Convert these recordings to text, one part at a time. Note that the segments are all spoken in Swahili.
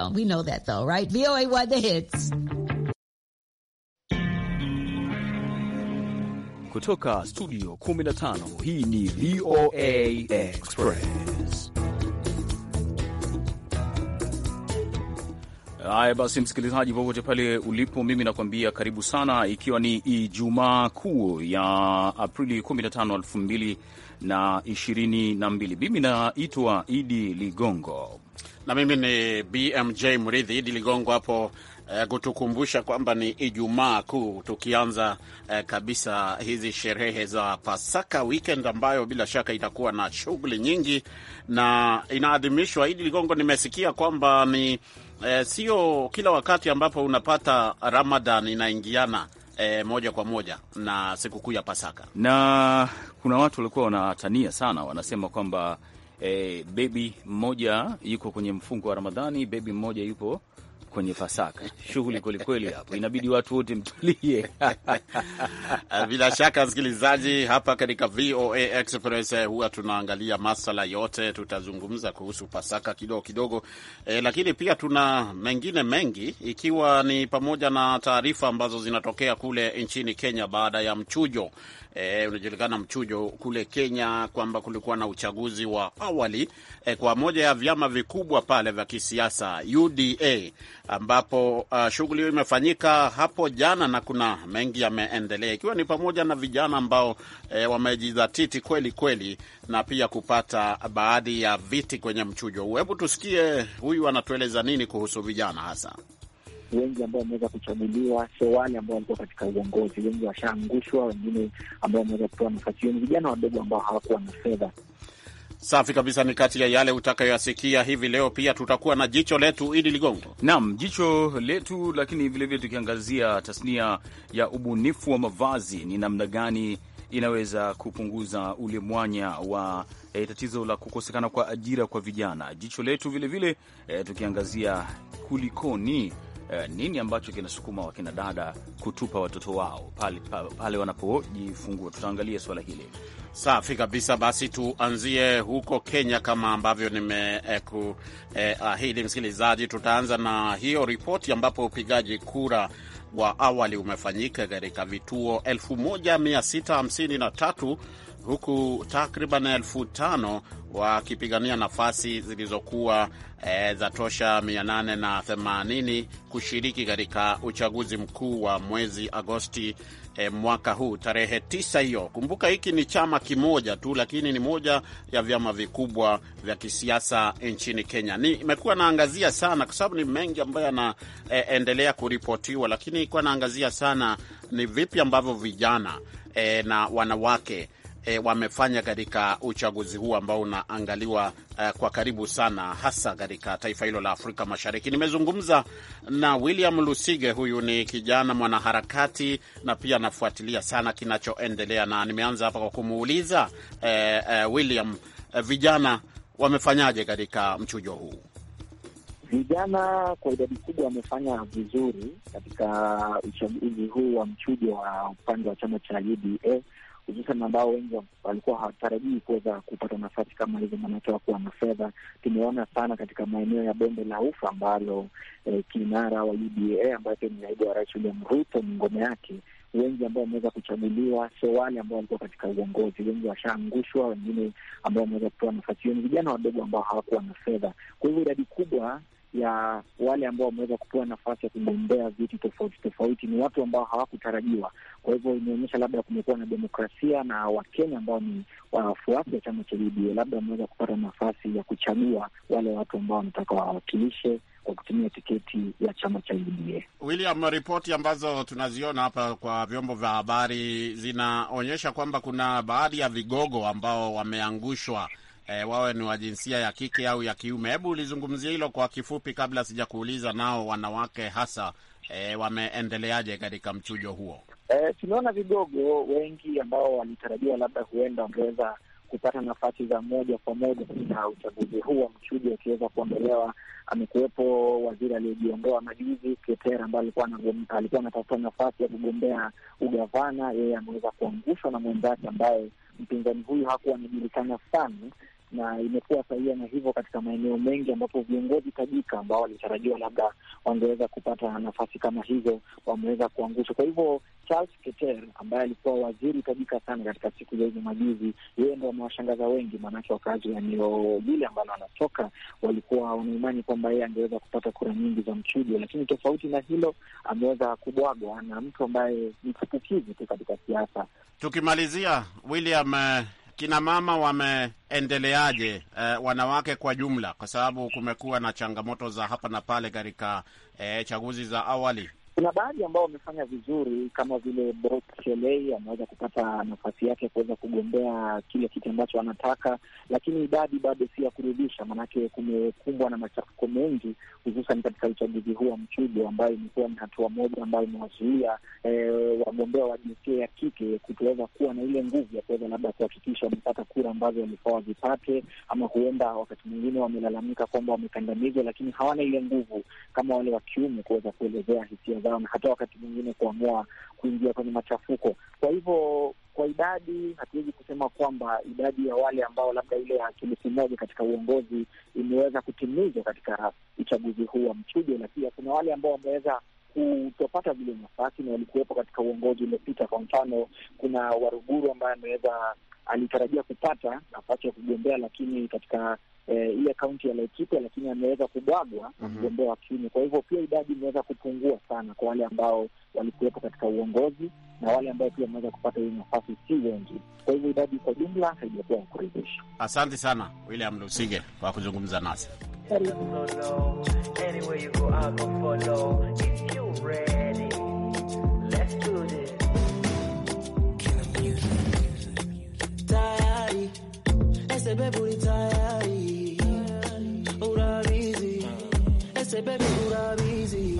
well. We know that though, right? VOA one the hits. Kutoka studio 15 hii ni VOA Express. Haya basi, msikilizaji, popote pale ulipo, mimi nakuambia karibu sana, ikiwa ni Ijumaa Kuu ya Aprili 15, 2022. Mimi naitwa Idi Ligongo na mimi ni BMJ Mridhi. Idi Ligongo hapo eh, kutukumbusha kwamba ni Ijumaa Kuu, tukianza eh, kabisa hizi sherehe za Pasaka weekend, ambayo bila shaka itakuwa na shughuli nyingi na inaadhimishwa. Idi Ligongo, nimesikia kwamba ni eh, sio kila wakati ambapo unapata ramadan inaingiana E, moja kwa moja na sikukuu ya Pasaka, na kuna watu walikuwa wanatania sana, wanasema kwamba eh, bebi mmoja yuko kwenye mfungo wa Ramadhani, bebi mmoja yupo kwenye Pasaka. Shughuli kwelikweli hapo, inabidi watu wote mtulie. Eh, bila shaka, msikilizaji, hapa katika VOA Express eh, huwa tunaangalia masala yote. Tutazungumza kuhusu Pasaka kidogo kidogo, e, lakini pia tuna mengine mengi, ikiwa ni pamoja na taarifa ambazo zinatokea kule nchini Kenya baada ya mchujo e, unajulikana mchujo kule Kenya kwamba kulikuwa na uchaguzi wa awali e, kwa moja ya vyama vikubwa pale vya kisiasa UDA ambapo uh, shughuli hiyo imefanyika hapo jana na kuna mengi yameendelea, ikiwa ni pamoja na vijana ambao eh, wamejidhatiti kweli kweli na pia kupata baadhi ya viti kwenye mchujo huu. Hebu tusikie huyu anatueleza nini kuhusu vijana hasa wengi ambao wameweza kuchaguliwa sio wale ambao walikuwa katika uongozi. Wengi washaangushwa, wengine ambao wameweza kupewa nafasi hiyo ni vijana wadogo ambao hawakuwa na fedha. Safi kabisa, ni kati ya yale utakayoyasikia hivi leo. Pia tutakuwa na jicho letu, Idi Ligongo. Naam, jicho letu, lakini vilevile tukiangazia tasnia ya ubunifu wa mavazi, ni namna gani inaweza kupunguza ule mwanya wa eh, tatizo la kukosekana kwa ajira kwa vijana. Jicho letu vilevile vile, eh, tukiangazia kulikoni eh, nini ambacho kinasukuma wakina dada kutupa watoto wao pale, pale wanapojifungua. Tutaangalia swala hili Safi kabisa. Basi tuanzie huko Kenya kama ambavyo nimekuahidi, eh, msikilizaji, tutaanza na hiyo ripoti ambapo upigaji kura wa awali umefanyika katika vituo 1653 huku takriban elfu tano wakipigania nafasi zilizokuwa e, za tosha 880 kushiriki katika uchaguzi mkuu wa mwezi Agosti e, mwaka huu tarehe 9 hiyo. Kumbuka hiki ni chama kimoja tu, lakini ni moja ya vyama vikubwa vya kisiasa nchini Kenya. Nimekuwa naangazia sana kwa sababu ni mengi ambayo yanaendelea e, kuripotiwa, lakini ikuwa naangazia sana ni vipi ambavyo vijana e, na wanawake e, wamefanya katika uchaguzi huu ambao unaangaliwa e, kwa karibu sana, hasa katika taifa hilo la Afrika Mashariki. Nimezungumza na William Lusige, huyu ni kijana mwanaharakati na pia anafuatilia sana kinachoendelea, na nimeanza hapa kwa kumuuliza e, e, William, e, vijana wamefanyaje katika mchujo huu? Vijana kwa idadi kubwa wamefanya vizuri katika uchaguzi huu wa mchujo wa upande wa chama cha UDA hususan ambao wengi walikuwa hawatarajii kuweza kupata nafasi kama hizo, maanake wakuwa na fedha. Tumeona sana katika maeneo ya bonde la ufa ambalo eh, kinara wa UDA ambaye ni naibu wa rais William Ruto ni ngome yake wengi ambao wameweza kuchaguliwa sio wale ambao walikuwa katika uongozi. Wengi washaangushwa, wengine ambao wameweza kupewa nafasi hiyo ni vijana wadogo ambao hawakuwa na fedha. Kwa hivyo idadi kubwa ya wale ambao wameweza kupewa nafasi ya kugombea viti tofauti tofauti ni watu ambao hawakutarajiwa, kwa hivyo imeonyesha labda kumekuwa na demokrasia na Wakenya ambao ni wafuasi wa chama cha UDA labda wameweza kupata nafasi ya kuchagua wale watu ambao wanataka wawakilishe kwa kutumia tiketi ya chama cha UDA. William, ripoti ambazo tunaziona hapa kwa vyombo vya habari zinaonyesha kwamba kuna baadhi ya vigogo ambao wameangushwa E, wawe ni wa jinsia ya kike au ya kiume. Hebu ulizungumzia hilo kwa kifupi, kabla sijakuuliza nao wanawake hasa e, wameendeleaje katika mchujo huo? E, eh, tumeona vigogo wengi ambao walitarajiwa labda huenda wangeweza kupata nafasi za moja kwa moja katika uchaguzi huu wa mchuji akiweza kuondolewa. Amekuwepo waziri aliyejiondoa majuzi Ketera, ambaye alikuwa anatafuta nafasi ya kugombea ugavana. Yeye ameweza kuangushwa na mwenzake ambaye mpinzani huyu hakuwa anajulikana sana, na imekuwa sahia na hivyo katika maeneo mengi ambapo viongozi tajika ambao walitarajiwa labda wangeweza kupata nafasi kama hizo wameweza kuangushwa. Kwa hivyo Charles Keter ambaye alikuwa waziri tajika sana katika siku za hivi majuzi, yeye ndo amewashangaza wengi, maanake wakazi wa eneo lile ambalo anatoka walikuwa wanaimani kwamba yeye angeweza kupata kura nyingi za mchujo, lakini tofauti na hilo ameweza kubwagwa na mtu ambaye ni chipukizi tu katika siasa. Tukimalizia William, eh, kina mama wameendeleaje, eh, wanawake kwa jumla, kwa sababu kumekuwa na changamoto za hapa na pale katika eh, chaguzi za awali kuna baadhi ambao wamefanya vizuri kama vile Bob Shelley ameweza kupata nafasi yake ya kuweza kugombea kile kiti ambacho anataka, lakini idadi bado si ya kuridhisha, maanake kumekumbwa na machafuko mengi, hususan katika uchaguzi huu wa mchujo, ambayo imekuwa ni hatua moja ambayo imewazuia e, wagombea wa jinsia ya kike kutoweza kuwa na ile nguvu ya kuweza labda kuhakikisha wamepata kura ambazo walikuwa wazipate, ama huenda wakati mwingine wamelalamika kwamba wamekandamizwa, lakini hawana ile nguvu kama wale wa kiume kuweza kuelezea hisia na hata wakati mwingine kuamua kuingia kwenye machafuko. Kwa hivyo, kwa idadi hatuwezi kusema kwamba idadi ya wale ambao labda ile ya kilusi moja katika uongozi imeweza kutimizwa katika uchaguzi huu wa mchujo, na pia kuna wale ambao wameweza kutopata vile nafasi na walikuwepo katika uongozi uliopita. Kwa mfano, kuna Waruguru ambaye ameweza alitarajia kupata nafasi ya kugombea, lakini katika Eh, ile kaunti ya Laikipia, lakini ameweza kubwagwa na mhm. mgombea wa kiume. Kwa hivyo pia idadi imeweza kupungua sana kwa wale ambao walikuwepo katika uongozi na wale ambao pia wameweza kupata hiyo nafasi si wengi. Kwa hivyo idadi kwa jumla haijakuwa ya kuridhisha. Asante sana William Lusige kwa kuzungumza nasi. Karibu. Ese urabizi Ese urabizi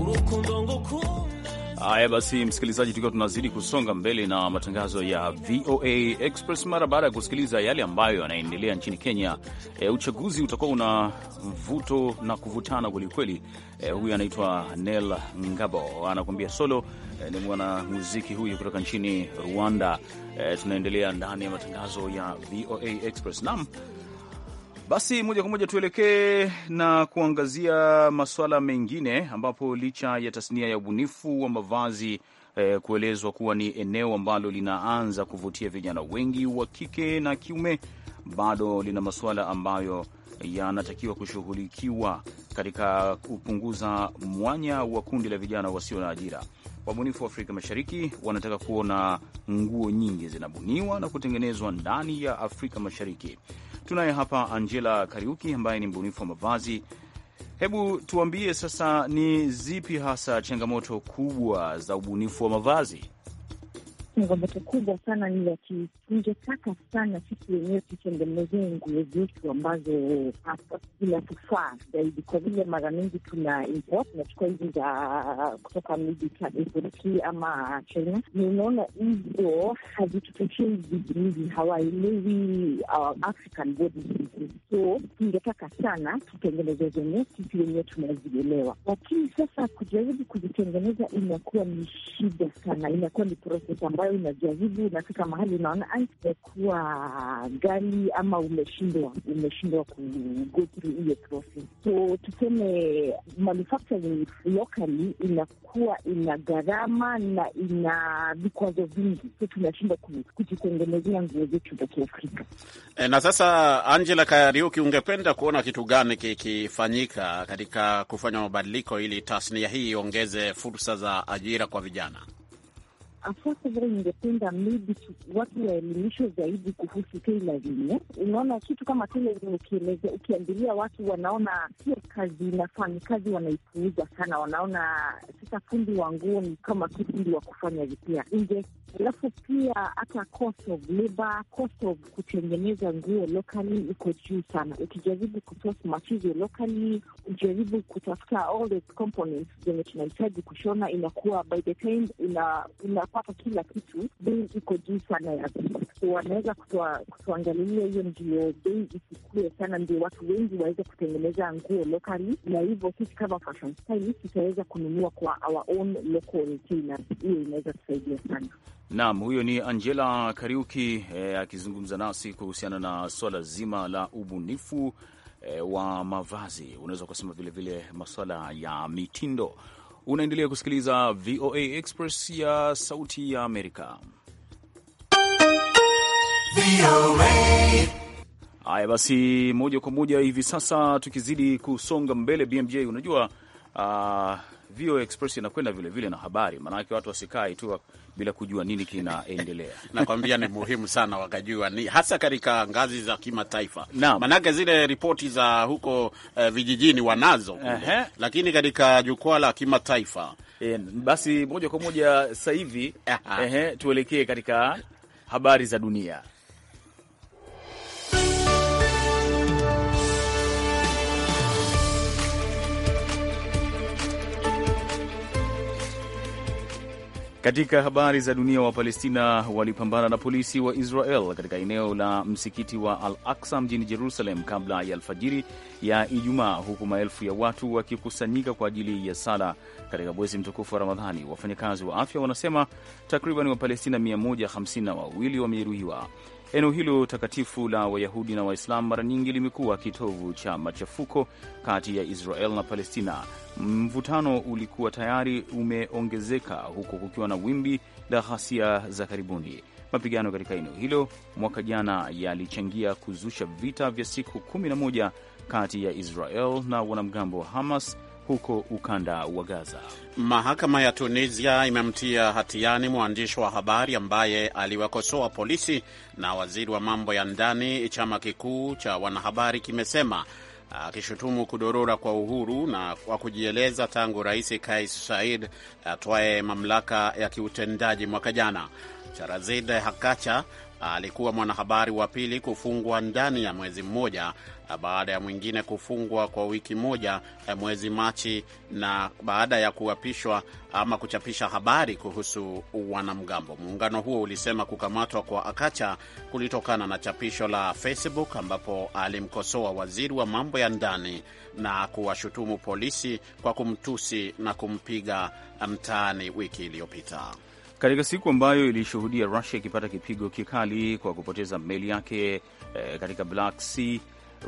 urukundo ngukunda Haya basi, msikilizaji, tukiwa tunazidi kusonga mbele na matangazo ya VOA Express mara baada ya kusikiliza yale ambayo yanaendelea nchini Kenya. E, uchaguzi utakuwa una mvuto na kuvutana kwelikweli. E, huyu anaitwa Nel Ngabo anakuambia solo. E, ni mwanamuziki huyu kutoka nchini Rwanda E, tunaendelea ndani ya matangazo ya VOA Express nam basi moja kwa moja tuelekee na kuangazia masuala mengine, ambapo licha ya tasnia ya ubunifu wa mavazi e, kuelezwa kuwa ni eneo ambalo linaanza kuvutia vijana wengi wa kike na kiume bado lina masuala ambayo yanatakiwa kushughulikiwa katika kupunguza mwanya wa kundi la vijana wasio na ajira. Wabunifu wa Afrika Mashariki wanataka kuona nguo nyingi zinabuniwa na kutengenezwa ndani ya Afrika Mashariki. Tunaye hapa Angela Kariuki ambaye ni mbunifu wa mavazi. Hebu tuambie sasa, ni zipi hasa changamoto kubwa za ubunifu wa mavazi? changamoto kubwa sana ni ya tungetaka sana sisi wenyewe tutengenezee nguo zetu ambazo ah, zinatufaa zaidi, kwa vile mara mingi tuna import tunachukua hizi za kutoka miji Uturuki ama China. Ni unaona hizo hazitutoshei vizuri, hawaelewi ah, African body, so tungetaka sana tutengeneze zenye sisi wenyewe tunazielewa, lakini sasa kujaribu kuzitengeneza inakuwa ni shida sana, inakuwa ni proses ambayo ambayo inajaribu, unafika mahali unaona kuwa gari ama umeshindwa umeshindwa ku go through hiyo process. So tuseme manufacturing locally inakuwa ina gharama na ina vikwazo vingi, so tunashindwa kujitengenezea nguo zetu za Kiafrika. E, na sasa Angela Kariuki, ungependa kuona kitu gani kikifanyika katika kufanya mabadiliko ili tasnia hii iongeze fursa za ajira kwa vijana? afua ingependa maybe watu waelimishwe zaidi kuhusu tailoring. Unaona, kitu kama tailoring ukielezea, ukiambilia watu wanaona sio kazi inafaa, kazi wanaipuuza sana, wanaona sasa fundi wa nguo ni kama tu wa kufanya vipia nje. Alafu pia hata cost of labor, cost of kutengeneza nguo locally iko juu sana. Ukijaribu kusource material locally, ujaribu kutafuta all the components zenye tunahitaji kushona, inakuwa by the time ina, ina kupata kila kitu, bei iko juu sana ya vitu, so wanaweza kutuangalia hiyo, ndio bei isikue sana, ndio watu wengi waweze kutengeneza nguo locally, na hivyo sisi kama fashion style tutaweza kununua kwa our own local Hiyo inaweza kusaidia sana. Naam, huyo ni Angela Kariuki eh, akizungumza nasi kuhusiana na swala zima la ubunifu eh, wa mavazi, unaweza ukasema vilevile maswala ya mitindo. Unaendelea kusikiliza VOA Express ya Sauti ya Amerika. Haya basi, moja kwa moja hivi sasa tukizidi kusonga mbele, BMJ unajua uh, VOA Express inakwenda vilevile na habari, maanake watu wasikae tu bila kujua nini kinaendelea. Nakwambia ni muhimu sana wakajua ni hasa katika ngazi za kimataifa, maanake zile ripoti za huko uh, vijijini wanazo uh -huh. Lakini katika jukwaa la kimataifa e, basi moja kwa moja sasa hivi uh -huh. Tuelekee katika habari za dunia. Katika habari za dunia, Wapalestina walipambana na polisi wa Israel katika eneo la msikiti wa Al Aksa mjini Jerusalem kabla ya alfajiri ya Ijumaa, huku maelfu ya watu wakikusanyika kwa ajili ya sala katika mwezi mtukufu wa Ramadhani. Wafanyakazi wa afya wanasema takriban Wapalestina 152 wamejeruhiwa. Eneo hilo takatifu la Wayahudi na Waislamu mara nyingi limekuwa kitovu cha machafuko kati ya Israel na Palestina. Mvutano ulikuwa tayari umeongezeka huku kukiwa na wimbi la ghasia za karibuni. Mapigano katika eneo hilo mwaka jana yalichangia kuzusha vita vya siku 11 kati ya Israel na wanamgambo wa Hamas huko ukanda wa Gaza. Mahakama ya Tunisia imemtia hatiani mwandishi wa habari ambaye aliwakosoa polisi na waziri wa mambo ya ndani, chama kikuu cha wanahabari kimesema, akishutumu kudorora kwa uhuru na kwa kujieleza tangu Rais Kais Saied atwaye mamlaka ya kiutendaji mwaka jana. Charazid Hakacha alikuwa mwanahabari wa pili kufungwa ndani ya mwezi mmoja baada ya mwingine kufungwa kwa wiki moja eh, mwezi Machi, na baada ya kuapishwa ama kuchapisha habari kuhusu wanamgambo. Muungano huo ulisema kukamatwa kwa Akacha kulitokana na chapisho la Facebook ambapo alimkosoa waziri wa mambo ya ndani na kuwashutumu polisi kwa kumtusi na kumpiga mtaani wiki iliyopita katika siku ambayo ilishuhudia Rusia ikipata kipigo kikali kwa kupoteza meli yake e, katika Black Sea.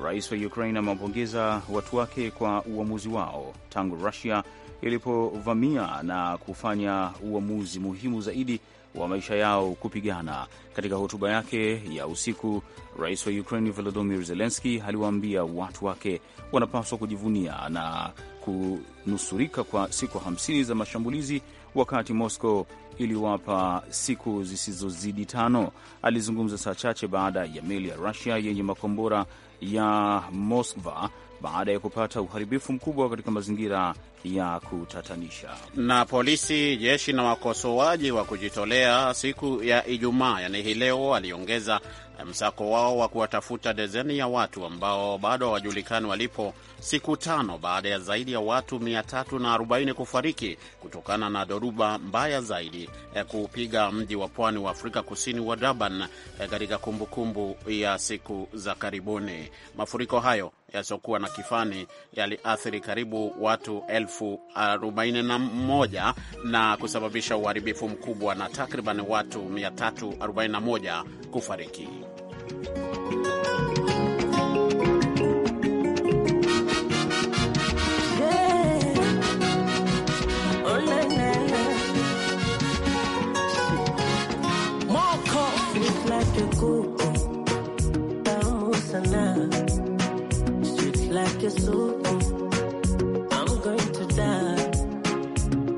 Rais wa Ukraine amewapongeza watu wake kwa uamuzi wao tangu Rusia ilipovamia na kufanya uamuzi muhimu zaidi wa maisha yao kupigana. Katika hotuba yake ya usiku, rais wa Ukraine Volodymyr Zelensky aliwaambia watu wake wanapaswa kujivunia na kunusurika kwa siku 50 za mashambulizi, wakati Moscow iliwapa siku zisizozidi tano. Alizungumza saa chache baada ya meli ya Rusia yenye makombora ya Moskva baada ya kupata uharibifu mkubwa katika mazingira ya kutatanisha. Na polisi, jeshi na wakosoaji wa kujitolea siku ya Ijumaa, yani hii leo, aliongeza msako wao wa kuwatafuta dezeni ya watu ambao bado hawajulikani walipo, siku tano baada ya zaidi ya watu 340 kufariki kutokana na dhoruba mbaya zaidi eh, kuupiga mji wa pwani wa Afrika Kusini wa Durban eh, katika kumbukumbu ya siku za karibuni. Mafuriko hayo yasiokuwa na kifani yaliathiri karibu watu elfu arobaini na moja na kusababisha uharibifu mkubwa na takriban watu 341 kufariki.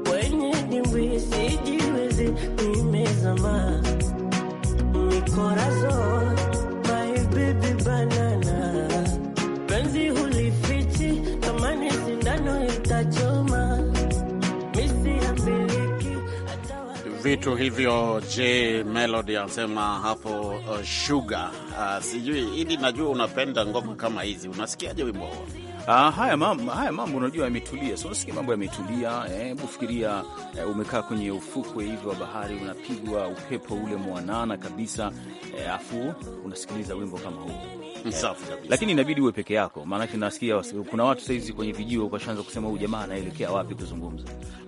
Kwenye dimbwi sijiwezi, nimezama mikora zote vitu hivyo. J Melody anasema hapo uh, sugar uh, sijui ili najua unapenda ngoma kama hizi, unasikiaje wimbo huo? Uh, haya mambo haya mambo unajua yametulia, so unasikia mambo yametulia. Hebu eh, fikiria eh, umekaa kwenye ufukwe hivyo wa bahari, unapigwa upepo ule mwanana kabisa eh, afu unasikiliza wimbo kama huu safi kabisa, lakini inabidi uwe peke yako, maanake nasikia kuna watu sahizi kwenye vijiwe ukashaanza kusema huyu jamaa anaelekea wapi kuzungumza.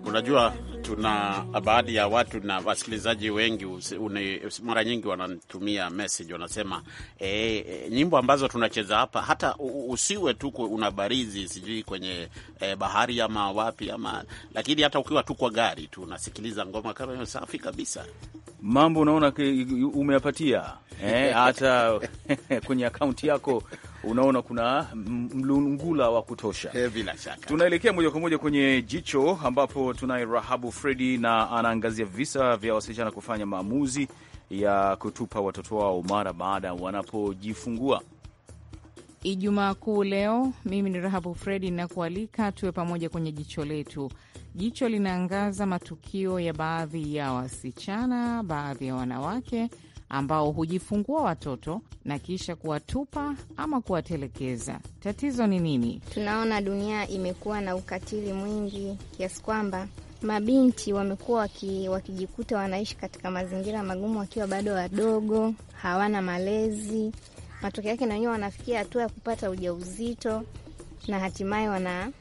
Unajua, tuna baadhi ya watu na wasikilizaji wengi une, mara nyingi wanatumia message wanasema, e, nyimbo ambazo tunacheza hapa, hata usiwe tu una barizi sijui kwenye e, bahari ama wapi ama, lakini hata ukiwa tu kwa gari tu unasikiliza ngoma kama hiyo, safi kabisa mambo unaona umeyapatia eh, hata eh, kwenye akaunti yako unaona kuna mlungula wa kutosha. Eh, bila shaka tunaelekea moja kwa moja kwenye jicho, ambapo tunaye Rahabu Fredi na anaangazia visa vya wasichana kufanya maamuzi ya kutupa watoto wao mara baada wanapojifungua. Ijumaa Kuu leo, mimi ni Rahabu Fredi nakualika tuwe pamoja kwenye jicho letu. Jicho linaangaza matukio ya baadhi ya wasichana, baadhi ya wanawake ambao hujifungua watoto na kisha kuwatupa ama kuwatelekeza. Tatizo ni nini? Tunaona dunia imekuwa na ukatili mwingi kiasi kwamba mabinti wamekuwa wakijikuta wanaishi katika mazingira magumu wakiwa bado wadogo, hawana malezi. Matokeo yake na wenyewe wanafikia hatua ya kupata ujauzito na hatimaye wana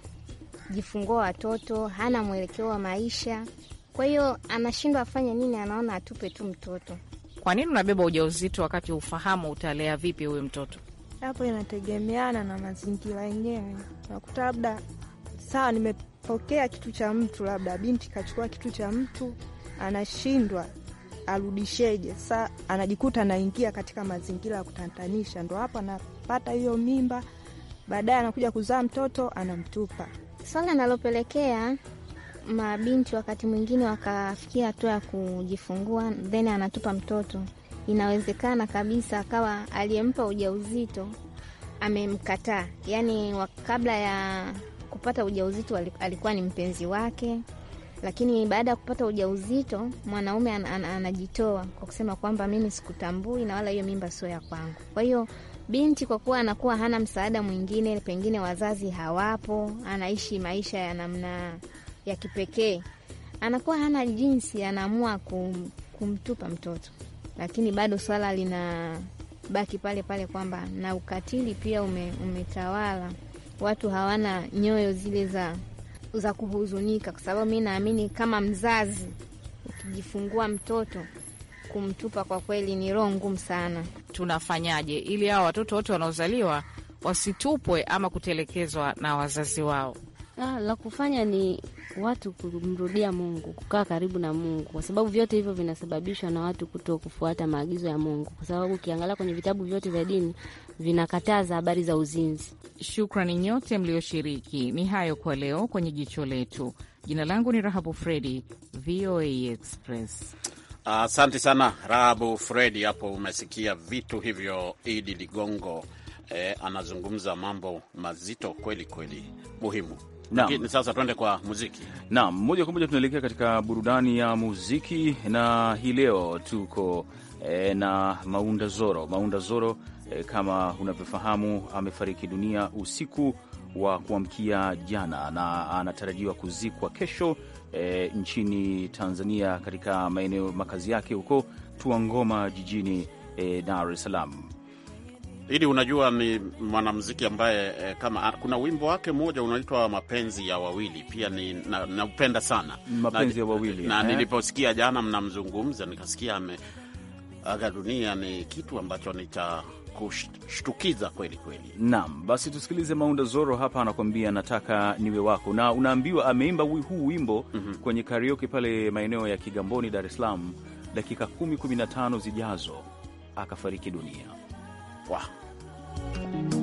amejifungua watoto, hana mwelekeo wa maisha, kwa hiyo anashindwa afanye nini, anaona atupe tu mtoto. Kwa nini unabeba ujauzito wakati ufahamu utalea vipi huyu mtoto? Hapo inategemeana na mazingira yenyewe. Nakuta labda sawa, nimepokea kitu cha mtu, labda binti kachukua kitu cha mtu, anashindwa arudisheje? Sa anajikuta anaingia katika mazingira ya kutatanisha, ndo hapo anapata hiyo mimba, baadaye anakuja kuzaa mtoto anamtupa. Swala linalopelekea mabinti wakati mwingine wakafikia hatua ya kujifungua then anatupa mtoto, inawezekana kabisa akawa aliyempa ujauzito amemkataa, yaani kabla ya kupata ujauzito alikuwa ni mpenzi wake, lakini baada ya kupata ujauzito mwanaume an, an, anajitoa kwa kusema kwamba mimi sikutambui na wala hiyo mimba sio ya kwangu. Kwa hiyo binti kwa kuwa anakuwa hana msaada mwingine, pengine wazazi hawapo, anaishi maisha ya namna ya kipekee, anakuwa hana jinsi, anaamua kum, kumtupa mtoto, lakini bado swala baki pale pale kwamba na ukatili pia ume, umetawala. Watu hawana nyoyo zile za, za kuhuzunika, kwa sababu mi naamini kama mzazi ukijifungua mtoto kumtupa kwa kweli ni roho ngumu sana tunafanyaje ili hawa watoto wote wanaozaliwa wasitupwe ama kutelekezwa na wazazi wao? Ah, la kufanya ni watu kumrudia Mungu, kukaa karibu na Mungu, kwa sababu vyote hivyo vinasababishwa na watu kuto kufuata maagizo ya Mungu, kwa sababu ukiangalia kwenye vitabu vyote vya dini vinakataza habari za uzinzi. Shukrani nyote mlioshiriki. Ni hayo kwa leo kwenye jicho letu. Jina langu ni Rahabu Fredi, VOA Express. Asante uh, sana Rahabu Fredi, hapo umesikia vitu hivyo. Idi Ligongo eh, anazungumza mambo mazito kweli kweli, muhimu. Lakini sasa tuende kwa muziki. Naam, moja kwa moja tunaelekea katika burudani ya muziki, na hii leo tuko eh, na Maunda Zoro. Maunda Zoro eh, kama unavyofahamu amefariki dunia usiku wa kuamkia jana na anatarajiwa kuzikwa kesho e, nchini Tanzania katika maeneo makazi yake huko ngoma jijini e, Dar es Salaam. unajua ni mwanamziki ambaye e, kama kuna wimbo wake mmoja unaitwa Mapenzi ya Wawili, pia naupenda na sana Mapenzi ya Wawili na, na eh, niliposikia jana mnamzungumza nikasikia ameaga dunia, ni kitu ambacho ni cha kushtukiza kweli kweli. Naam, basi tusikilize Maunda Zoro hapa anakuambia nataka niwe wako, na unaambiwa ameimba huu wimbo mm -hmm. kwenye karaoke pale maeneo ya Kigamboni, Dar es Salaam, dakika 10 15 zijazo akafariki dunia. Wow.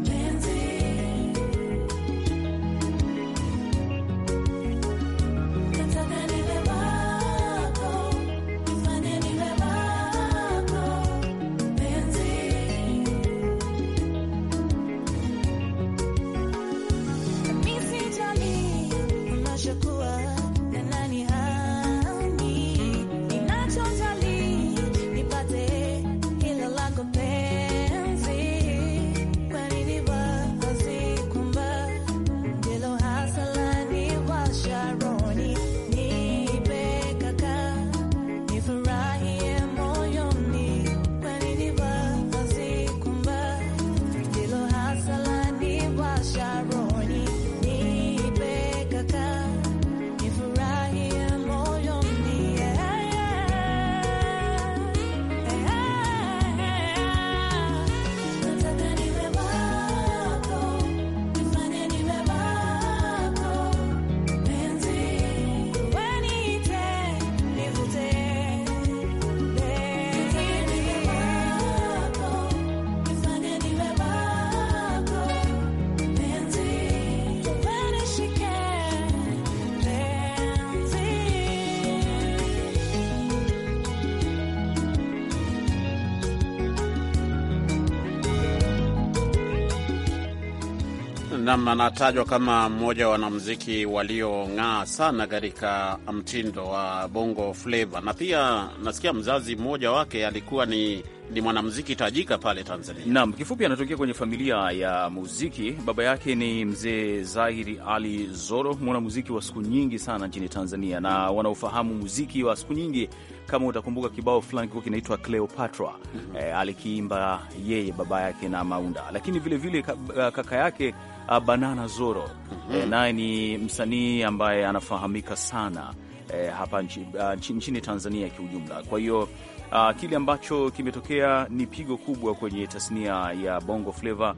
Nam anatajwa kama mmoja wa wanamziki waliong'aa sana katika mtindo wa bongo flava, na pia nasikia mzazi mmoja wake alikuwa ni ni mwanamziki tajika pale Tanzania. Naam, kifupi anatokea kwenye familia ya muziki. Baba yake ni mzee Zahiri Ali Zoro, mwanamuziki wa siku nyingi sana nchini Tanzania, na wanaofahamu muziki wa siku nyingi, kama utakumbuka kibao fulani kilikuwa kinaitwa Cleopatra. mm -hmm. E, alikiimba yeye baba yake na Maunda, lakini vilevile vile kaka yake Uh, Banana Zoro mm -hmm. naye ni msanii ambaye anafahamika sana e, hapa nchi, uh, nchini Tanzania kiujumla. Kwa hiyo uh, kile ambacho kimetokea ni pigo kubwa kwenye tasnia ya Bongo Flava,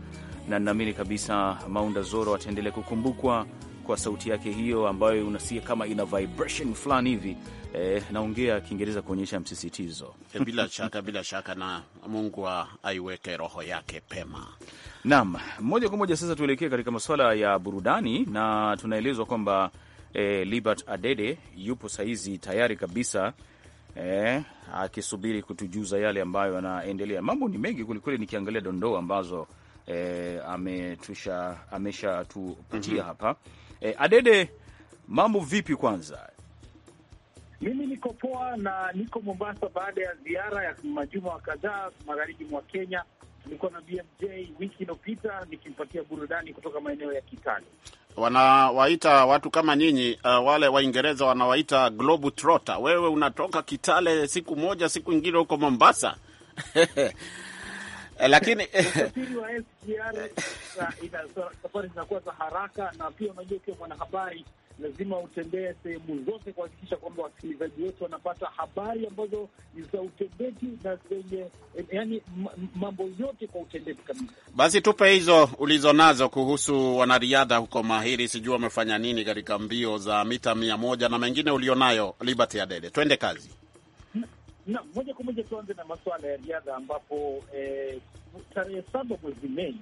na ninaamini kabisa Maunda Zoro ataendelea kukumbukwa kwa sauti yake hiyo ambayo unasikia kama ina vibration fulani hivi. Eh, naongea Kiingereza kuonyesha msisitizo. Eh, bila shaka, bila shaka, na Mungu aiweke roho yake pema. Naam, moja kwa moja sasa tuelekee katika masuala ya burudani na tunaelezwa kwamba e, Libert Adede yupo sahizi tayari kabisa e, akisubiri kutujuza yale ambayo yanaendelea. Mambo ni mengi kwelikweli, nikiangalia dondoo ambazo e, ameshatupatia mm -hmm. hapa e, Adede, mambo vipi kwanza? Mimi niko poa na niko Mombasa baada ya ziara ya majuma kadhaa magharibi mwa Kenya nilikuwa na BMJ wiki iliyopita nikimpatia burudani kutoka maeneo ya Kitale. Wanawaita watu kama nyinyi, uh, wale Waingereza wanawaita globe trotter. Wewe unatoka Kitale siku moja, siku ingine huko Mombasa eh, lakini eh, safari zinakuwa za haraka, na pia unajua, ukiwa mwanahabari lazima utembee sehemu zote kuhakikisha kwamba wasikilizaji wetu wanapata habari ambazo ni za utendeki na zenye yani mambo yote kwa utendeki kabisa. Basi tupe hizo ulizonazo kuhusu wanariadha huko mahiri, sijui wamefanya nini katika mbio za mita mia moja na mengine ulionayo, Liberty Adede, twende kazi. Na moja kwa moja tuanze na masuala ya riadha ambapo eh, tarehe saba mwezi Mei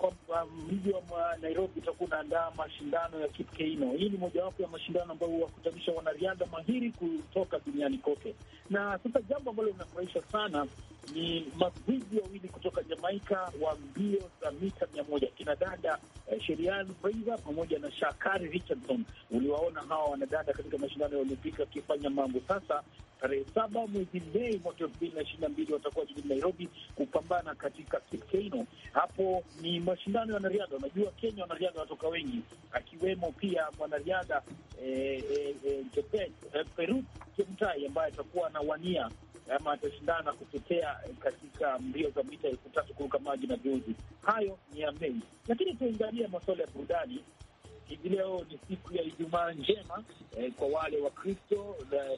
kwamba mji wa Nairobi utakuwa unaandaa mashindano ya kipkeino Hii ni mojawapo ya mashindano ambayo huwakutanisha wanariadha mahiri kutoka duniani kote, na sasa jambo ambalo linafurahisha sana ni mabwiji wawili kutoka Jamaika wa mbio za mita mia moja kina dada eh, Sherian Fraser pamoja na Shakari Richardson. Uliwaona hawa wanadada katika mashindano ya Olimpiki wakifanya mambo. Sasa tarehe saba mwezi Mei mwaka elfu mbili na ishirini na mbili watakuwa jijini Nairobi kupambana katika Kipkeino. Hapo ni mashindano ya wanariadha. Unajua Kenya wanariadha watoka wengi, akiwemo pia mwanariadha eh, eh, eh, eh, Peru Kemtai ambaye atakuwa anawania ama atashindana kutetea katika mbio za mita elfu tatu kuruka maji na viunzi. Hayo ni ya Mei, lakini tuangalia masuala ya burudani. Hivi leo ni siku ya Ijumaa njema eh, kwa wale Wakristo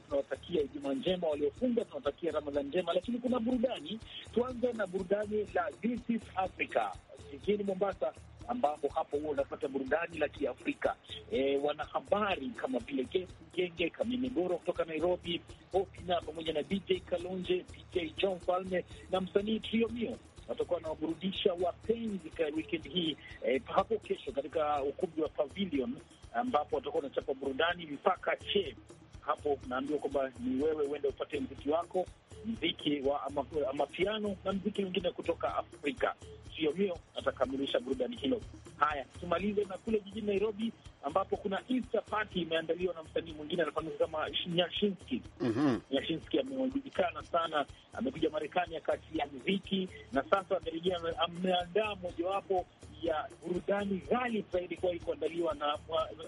tunawatakia Ijumaa njema, waliofunga tunawatakia Ramadhan njema, lakini kuna burudani. Tuanze na burudani la This is Africa jijini Mombasa ambapo hapo huwa unapata burudani la Kiafrika. E, wanahabari kama vile Genge Kamemegoro kutoka Nairobi, Opina pamoja na DJ Kalonje, DJ John Falme na msanii Triomio watakuwa wanawaburudisha wapenzi wikendi hii e, hapo kesho katika ukumbi wa Pavilion ambapo watakuwa wanachapa burudani mpaka che hapo. Naambiwa kwamba ni wewe uende upate mziki wako mziki wa ama, amapiano na mziki mwingine kutoka Afrika. Sio mio atakamilisha burudani hilo. Haya, tumalize na kule jijini Nairobi ambapo kuna Easter party imeandaliwa na msanii mwingine anafahamika kama Nyashinski. mm -hmm. Nyashinski amejulikana sana, amekuja Marekani ya mziki na sasa amerejea, ameandaa mojawapo ya burudani ghali zaidi kuwahi kuandaliwa na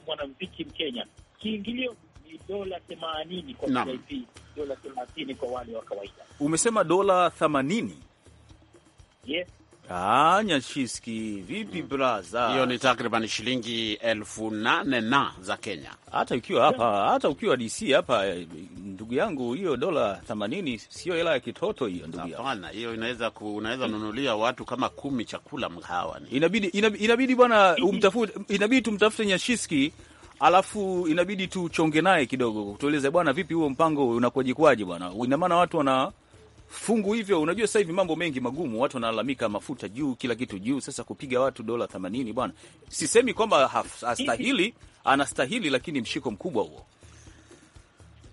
mwanamziki Mkenya. Kiingilio dola themanini kwa VIP, dola themanini kwa wale wa kawaida. Umesema dola themanini? Yes. Ah, Nyashiski, vipi mm, braza? Hiyo ni takriban shilingi elfu nane na za Kenya. Hata ukiwa hapa, hata ukiwa DC hapa, ndugu yangu, hiyo dola 80 sio hela ya kitoto hiyo, ndugu yangu. Hapana, hiyo inaweza unaweza nunulia watu kama kumi chakula mkahawani. Inabidi inabidi, bwana umtafute, inabidi tumtafute Nyashiski alafu inabidi tuchonge naye kidogo, tueleze bwana, vipi huo mpango unakojikwaje bwana? Ina maana watu wana fungu hivyo. Unajua sasa hivi mambo mengi magumu, watu wanalalamika mafuta juu, kila kitu juu. Sasa kupiga watu dola 80 bwana, sisemi kwamba hastahili, anastahili, lakini mshiko mkubwa huo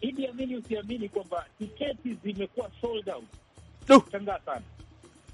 Idi, amini usiamini kwamba tiketi zimekuwa sold out. Tangaza sana,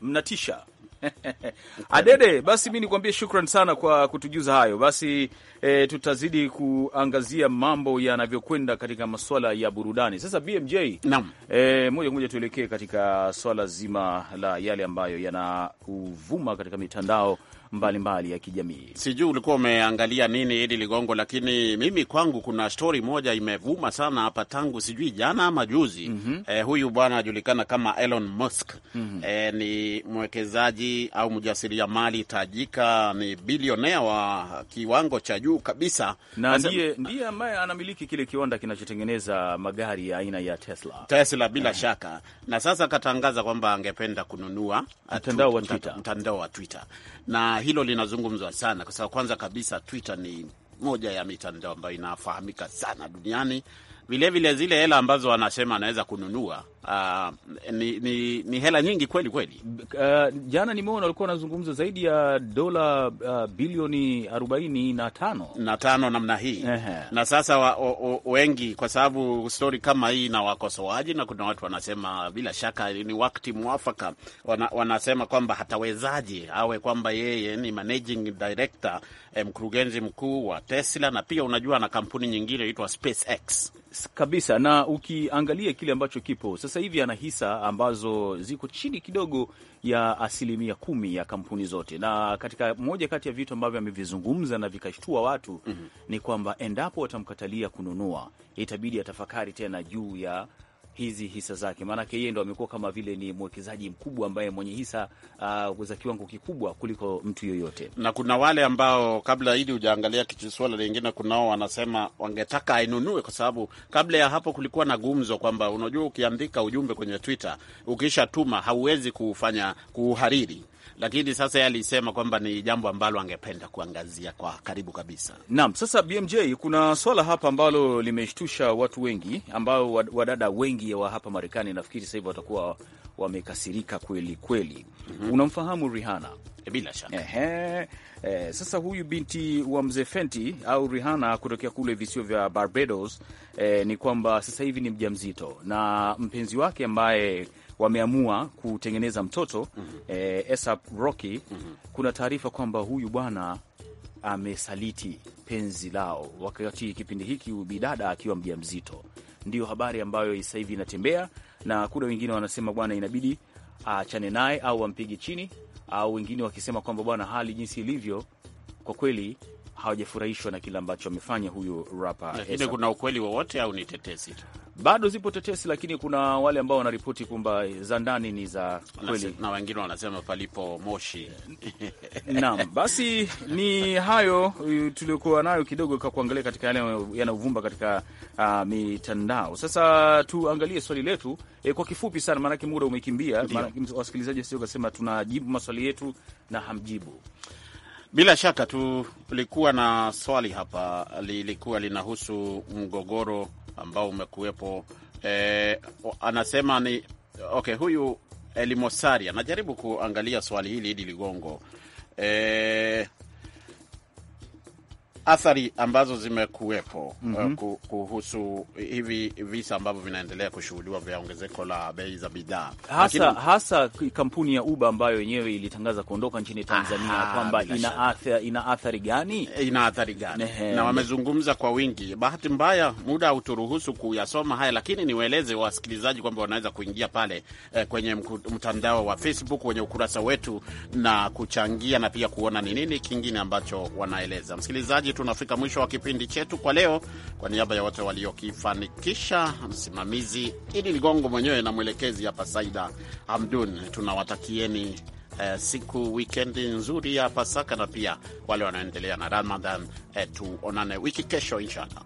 mnatisha Adede, basi mi nikuambie shukran sana kwa kutujuza hayo. Basi e, tutazidi kuangazia mambo yanavyokwenda katika masuala ya burudani. Sasa BMJ, naam, e, moja moja tuelekee katika swala zima la yale ambayo yanauvuma katika mitandao mbalimbali mbali ya kijamii. Sijui ulikuwa umeangalia nini Idi Ligongo, lakini mimi kwangu kuna stori moja imevuma sana hapa tangu sijui jana ama juzi. mm -hmm. Eh, huyu bwana anajulikana kama Elon Musk. mm -hmm. Eh, ni mwekezaji au mjasiriamali tajika, ni bilionea wa kiwango cha juu kabisa, na ndiye ndiye ambaye anamiliki kile kiwanda kinachotengeneza magari ya aina ya Tesla. Tesla bila yeah. shaka. Na sasa akatangaza kwamba angependa kununua mtandao wa Twitter, mtandao wa Twitter na hilo linazungumzwa sana kwa sababu kwanza kabisa Twitter ni moja ya mitandao ambayo inafahamika sana duniani vilevile vile zile hela ambazo wanasema anaweza kununua uh, ni, ni, ni hela nyingi kweli kweli. Uh, jana nimeona walikuwa wanazungumza zaidi ya dola uh, bilioni arobaini na tano na tano namna hii uh-huh. Na sasa wa, o, o, wengi kwa sababu stori kama hii na wakosoaji na kuna watu wanasema bila shaka ni wakati mwafaka, wana, wanasema kwamba hatawezaje awe kwamba yeye ni managing director, eh, mkurugenzi mkuu wa Tesla na pia unajua na kampuni nyingine inaitwa SpaceX kabisa. Na ukiangalia kile ambacho kipo sasa hivi, ana hisa ambazo ziko chini kidogo ya asilimia kumi ya kampuni zote, na katika moja kati ya vitu ambavyo amevizungumza na vikashtua watu mm -hmm. ni kwamba endapo watamkatalia kununua, itabidi atafakari tena juu ya hizi hisa zake, maanake yeye ndo amekuwa kama vile ni mwekezaji mkubwa ambaye mwenye hisa uh, za kiwango kikubwa kuliko mtu yoyote. Na kuna wale ambao kabla hili hujaangalia kitu, swala lingine, kunao wanasema wangetaka ainunue, kwa sababu kabla ya hapo kulikuwa na gumzo kwamba unajua, ukiandika ujumbe kwenye Twitter ukisha tuma hauwezi kufanya kuuhariri lakini sasa yeye alisema kwamba ni jambo ambalo angependa kuangazia kwa karibu kabisa. Naam, sasa BMJ, kuna swala hapa ambalo limeshtusha watu wengi, ambao wadada wengi wa hapa Marekani nafikiri sasa hivi watakuwa wamekasirika kweli kweli. mm -hmm. Unamfahamu Rihanna? Eh, bila shaka. Ehe, e, sasa huyu binti wa mzee Fenty au Rihanna kutokea kule visio vya Barbados, e, ni kwamba sasa hivi ni mjamzito na mpenzi wake ambaye wameamua kutengeneza mtoto mm -hmm. eh, ASAP Rocky mm -hmm. kuna taarifa kwamba huyu bwana amesaliti penzi lao wakati kipindi hiki bidada akiwa mja mzito Ndiyo habari ambayo sasa hivi inatembea, na kuna wengine wanasema bwana, inabidi achane naye au ampige chini, au wengine wakisema kwamba bwana, hali jinsi ilivyo kwa kweli hawajafurahishwa na kile ambacho amefanya huyu rapa. Lakini kuna ukweli wowote au ni tetesi tu? Bado zipo tetesi, lakini kuna wale ambao wanaripoti kwamba za ndani ni za kweli na wengine wanasema palipo moshi. Naam, basi ni hayo uh, tuliokuwa nayo kidogo ka kuangalia katika yale yanayovumba katika uh, mitandao. Sasa tuangalie swali letu e, kwa kifupi sana, maanake muda umekimbia, wasikilizaji wasio kasema tunajibu maswali yetu na hamjibu bila shaka tulikuwa na swali hapa lilikuwa linahusu mgogoro ambao umekuwepo. E, anasema ni okay, huyu Elimosari anajaribu kuangalia swali hili hili ligongo. E, athari ambazo zimekuwepo mm -hmm. kuhusu hivi visa ambavyo vinaendelea kushuhudiwa vya ongezeko la bei za bidhaa hasa, Lakin... hasa kampuni ya Uber ambayo yenyewe ilitangaza kuondoka nchini Tanzania kwamba ina athari, ina athari gani, eh, ina athari gani na wamezungumza kwa wingi. Bahati mbaya muda hauturuhusu kuyasoma haya, lakini niwaeleze wasikilizaji kwamba wanaweza kuingia pale eh, kwenye mtandao wa Facebook kwenye ukurasa wetu na kuchangia na pia kuona ni nini kingine ambacho wanaeleza msikilizaji tunafika mwisho wa kipindi chetu kwa leo. Kwa niaba ya wote waliokifanikisha, msimamizi Idi Ligongo mwenyewe na mwelekezi hapa Saida Hamdun, tunawatakieni eh, siku wikendi nzuri ya Pasaka, na pia wale wanaoendelea na Ramadhan eh, tuonane wiki kesho inshallah.